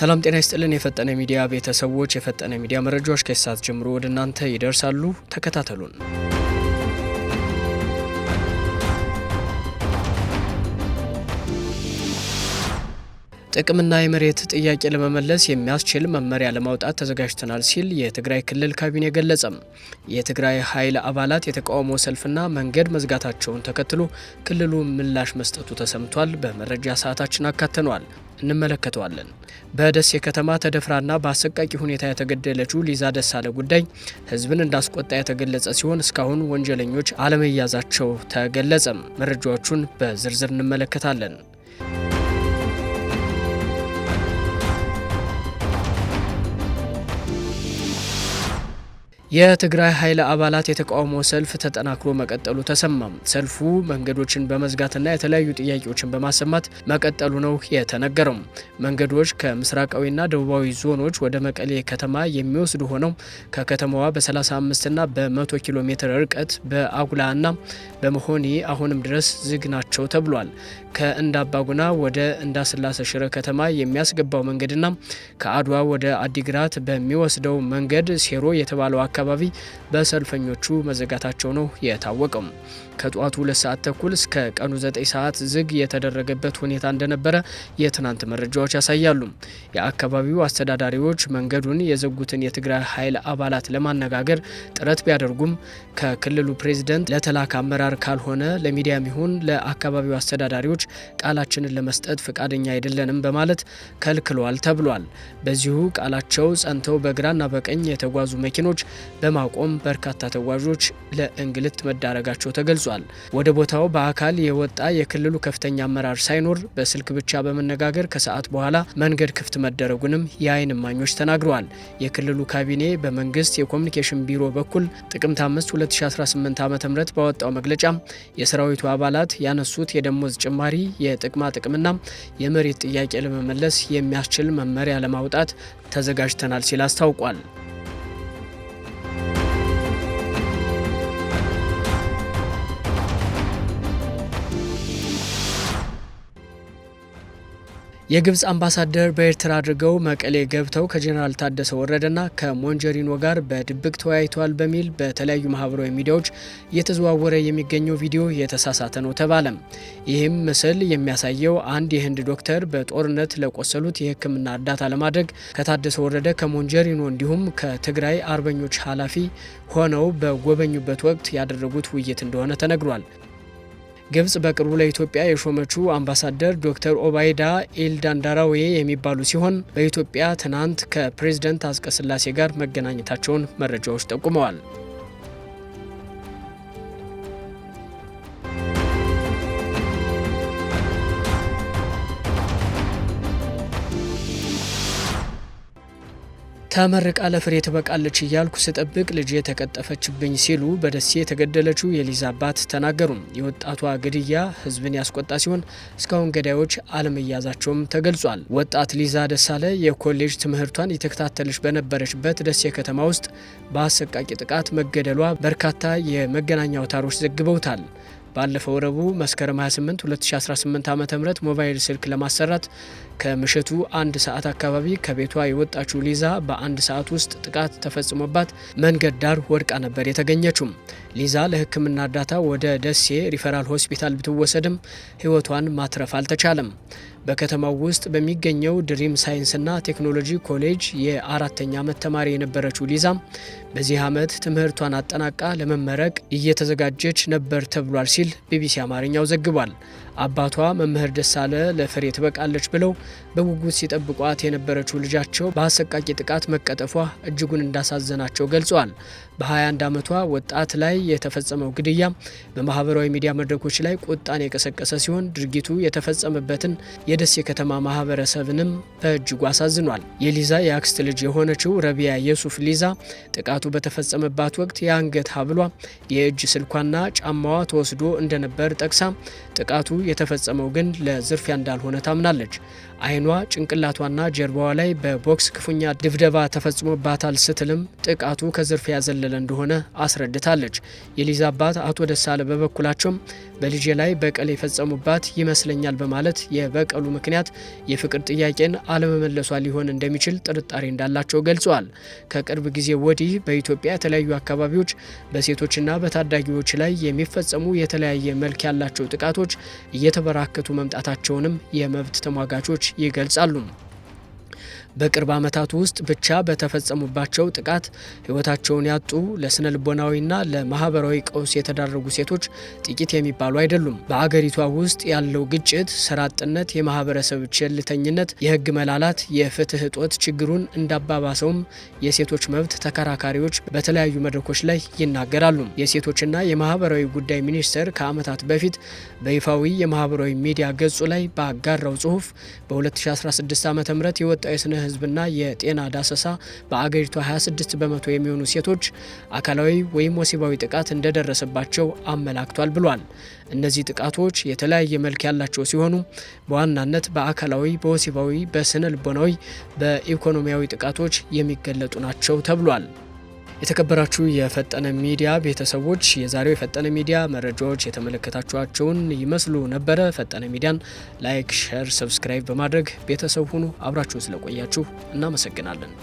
ሰላም ጤና ይስጥልን። የፈጠነ ሚዲያ ቤተሰቦች፣ የፈጠነ ሚዲያ መረጃዎች ከሰዓት ጀምሮ ወደ እናንተ ይደርሳሉ። ተከታተሉን። ጥቅምና የመሬት ጥያቄ ለመመለስ የሚያስችል መመሪያ ለማውጣት ተዘጋጅተናል ሲል የትግራይ ክልል ካቢኔ ገለጸም። የትግራይ ኃይል አባላት የተቃውሞ ሰልፍና መንገድ መዝጋታቸውን ተከትሎ ክልሉ ምላሽ መስጠቱ ተሰምቷል። በመረጃ ሰዓታችን አካተነዋል እንመለከተዋለን። በደሴ ከተማ ተደፍራና በአሰቃቂ ሁኔታ የተገደለችው ሊዛ ደሳለ ጉዳይ ህዝብን እንዳስቆጣ የተገለጸ ሲሆን እስካሁን ወንጀለኞች አለመያዛቸው ተገለጸም። መረጃዎቹን በዝርዝር እንመለከታለን። የትግራይ ኃይል አባላት የተቃውሞ ሰልፍ ተጠናክሮ መቀጠሉ ተሰማም። ሰልፉ መንገዶችን በመዝጋትና የተለያዩ ጥያቄዎችን በማሰማት መቀጠሉ ነው የተነገረው። መንገዶች ከምስራቃዊና ደቡባዊ ዞኖች ወደ መቀሌ ከተማ የሚወስዱ ሆነው ከከተማዋ በ35ና በ100 ኪሎ ሜትር ርቀት በአጉላና በመሆኒ አሁንም ድረስ ዝግ ናቸው ተብሏል። ከእንዳባጉና ወደ እንዳስላሰ ሽረ ከተማ የሚያስገባው መንገድና ከአድዋ ወደ አዲግራት በሚወስደው መንገድ ሴሮ የተባለው አካባቢ አካባቢ በሰልፈኞቹ መዘጋታቸው ነው የታወቀው። ከጠዋቱ ሁለት ሰዓት ተኩል እስከ ቀኑ ዘጠኝ ሰዓት ዝግ የተደረገበት ሁኔታ እንደነበረ የትናንት መረጃዎች ያሳያሉ። የአካባቢው አስተዳዳሪዎች መንገዱን የዘጉትን የትግራይ ኃይል አባላት ለማነጋገር ጥረት ቢያደርጉም ከክልሉ ፕሬዝደንት ለተላከ አመራር ካልሆነ ለሚዲያም ይሁን ለአካባቢው አስተዳዳሪዎች ቃላችንን ለመስጠት ፈቃደኛ አይደለንም በማለት ከልክለዋል ተብሏል። በዚሁ ቃላቸው ጸንተው በግራና በቀኝ የተጓዙ መኪኖች በማቆም በርካታ ተጓዦች ለእንግልት መዳረጋቸው ተገልጿል። ወደ ቦታው በአካል የወጣ የክልሉ ከፍተኛ አመራር ሳይኖር በስልክ ብቻ በመነጋገር ከሰዓት በኋላ መንገድ ክፍት መደረጉንም የአይን እማኞች ተናግረዋል። የክልሉ ካቢኔ በመንግስት የኮሚኒኬሽን ቢሮ በኩል ጥቅምት 5 2018 ዓ ም ባወጣው መግለጫ የሰራዊቱ አባላት ያነሱት የደሞዝ ጭማሪ፣ የጥቅማ ጥቅምና የመሬት ጥያቄ ለመመለስ የሚያስችል መመሪያ ለማውጣት ተዘጋጅተናል ሲል አስታውቋል። የግብፅ አምባሳደር በኤርትራ አድርገው መቀሌ ገብተው ከጄኔራል ታደሰ ወረደና ከሞንጀሪኖ ጋር በድብቅ ተወያይተዋል በሚል በተለያዩ ማህበራዊ ሚዲያዎች እየተዘዋወረ የሚገኘው ቪዲዮ የተሳሳተ ነው ተባለም። ይህም ምስል የሚያሳየው አንድ የህንድ ዶክተር በጦርነት ለቆሰሉት የህክምና እርዳታ ለማድረግ ከታደሰ ወረደ ከሞንጀሪኖ እንዲሁም ከትግራይ አርበኞች ኃላፊ ሆነው በጎበኙበት ወቅት ያደረጉት ውይይት እንደሆነ ተነግሯል። ግብጽ በቅርቡ ለኢትዮጵያ የሾመችው አምባሳደር ዶክተር ኦባይዳ ኤልዳንዳራዌ የሚባሉ ሲሆን በኢትዮጵያ ትናንት ከፕሬዝደንት አስቀስላሴ ጋር መገናኘታቸውን መረጃዎች ጠቁመዋል። ተመርቃ ለፍሬ ትበቃለች እያልኩ ስጠብቅ ልጄ ተቀጠፈችብኝ ሲሉ በደሴ የተገደለችው የሊዛ አባት ተናገሩ። የወጣቷ ግድያ ህዝብን ያስቆጣ ሲሆን እስካሁን ገዳዮች አለመያዛቸውም ተገልጿል። ወጣት ሊዛ ደሳለ የኮሌጅ ትምህርቷን የተከታተለች በነበረችበት ደሴ ከተማ ውስጥ በአሰቃቂ ጥቃት መገደሏ በርካታ የመገናኛ አውታሮች ዘግበውታል። ባለፈው ረቡዕ መስከረም 28 2018 ዓ ም ሞባይል ስልክ ለማሰራት ከምሽቱ አንድ ሰዓት አካባቢ ከቤቷ የወጣችው ሊዛ በአንድ ሰዓት ውስጥ ጥቃት ተፈጽሞባት መንገድ ዳር ወድቃ ነበር የተገኘችውም። ሊዛ ለሕክምና እርዳታ ወደ ደሴ ሪፈራል ሆስፒታል ብትወሰድም ሕይወቷን ማትረፍ አልተቻለም። በከተማው ውስጥ በሚገኘው ድሪም ሳይንስና ቴክኖሎጂ ኮሌጅ የአራተኛ ዓመት ተማሪ የነበረችው ሊዛ በዚህ ዓመት ትምህርቷን አጠናቃ ለመመረቅ እየተዘጋጀች ነበር ተብሏል ሲል ቢቢሲ አማርኛው ዘግቧል። አባቷ መምህር ደሳለ ለፍሬ ትበቃለች ብለው በጉጉት ሲጠብቋት የነበረችው ልጃቸው በአሰቃቂ ጥቃት መቀጠፏ እጅጉን እንዳሳዘናቸው ገልጿል። በ21 ዓመቷ ወጣት ላይ የተፈጸመው ግድያ በማህበራዊ ሚዲያ መድረኮች ላይ ቁጣን የቀሰቀሰ ሲሆን ድርጊቱ የተፈጸመበትን የደሴ ከተማ ማህበረሰብንም በእጅጉ አሳዝኗል። የሊዛ የአክስት ልጅ የሆነችው ረቢያ የሱፍ ሊዛ ጥቃቱ በተፈጸመባት ወቅት የአንገት ሀብሏ፣ የእጅ ስልኳና ጫማዋ ተወስዶ እንደነበር ጠቅሳ ጥቃቱ የተፈጸመው ግን ለዝርፊያ እንዳልሆነ ታምናለች። አይኗ ጭንቅላቷና ጀርባዋ ላይ በቦክስ ክፉኛ ድብደባ ተፈጽሞባታል ስትልም ጥቃቱ ከዝርፊያ ያዘለለ እንደሆነ አስረድታለች። የሊዛ አባት አቶ ደሳለ በበኩላቸውም በልጄ ላይ በቀል የፈጸሙባት ይመስለኛል በማለት የበቀሉ ምክንያት የፍቅር ጥያቄን አለመመለሷ ሊሆን እንደሚችል ጥርጣሬ እንዳላቸው ገልጸዋል። ከቅርብ ጊዜ ወዲህ በኢትዮጵያ የተለያዩ አካባቢዎች በሴቶችና በታዳጊዎች ላይ የሚፈጸሙ የተለያየ መልክ ያላቸው ጥቃቶች እየተበራከቱ መምጣታቸውንም የመብት ተሟጋቾች ይገልጻሉ። በቅርብ ዓመታት ውስጥ ብቻ በተፈጸሙባቸው ጥቃት ህይወታቸውን ያጡ ለስነ ልቦናዊና ለማህበራዊ ቀውስ የተዳረጉ ሴቶች ጥቂት የሚባሉ አይደሉም። በአገሪቷ ውስጥ ያለው ግጭት፣ ሰራጥነት፣ የማህበረሰብ ቸልተኝነት፣ የህግ መላላት፣ የፍትህ እጦት ችግሩን እንዳባባሰውም የሴቶች መብት ተከራካሪዎች በተለያዩ መድረኮች ላይ ይናገራሉ። የሴቶችና የማህበራዊ ጉዳይ ሚኒስቴር ከዓመታት በፊት በይፋዊ የማህበራዊ ሚዲያ ገጹ ላይ ባጋራው ጽሁፍ በ2016 ዓ ም የወጣው የስነ ህዝብና የጤና ዳሰሳ በአገሪቱ 26 በመቶ የሚሆኑ ሴቶች አካላዊ ወይም ወሲባዊ ጥቃት እንደደረሰባቸው አመላክቷል ብሏል። እነዚህ ጥቃቶች የተለያየ መልክ ያላቸው ሲሆኑ በዋናነት በአካላዊ፣ በወሲባዊ፣ በስነ ልቦናዊ፣ በኢኮኖሚያዊ ጥቃቶች የሚገለጡ ናቸው ተብሏል። የተከበራችሁ የፈጠነ ሚዲያ ቤተሰቦች የዛሬው የፈጠነ ሚዲያ መረጃዎች የተመለከታችኋቸውን ይመስሉ ነበረ። ፈጠነ ሚዲያን ላይክ፣ ሸር፣ ሰብስክራይብ በማድረግ ቤተሰብ ሁኑ። አብራችሁን ስለቆያችሁ እናመሰግናለን።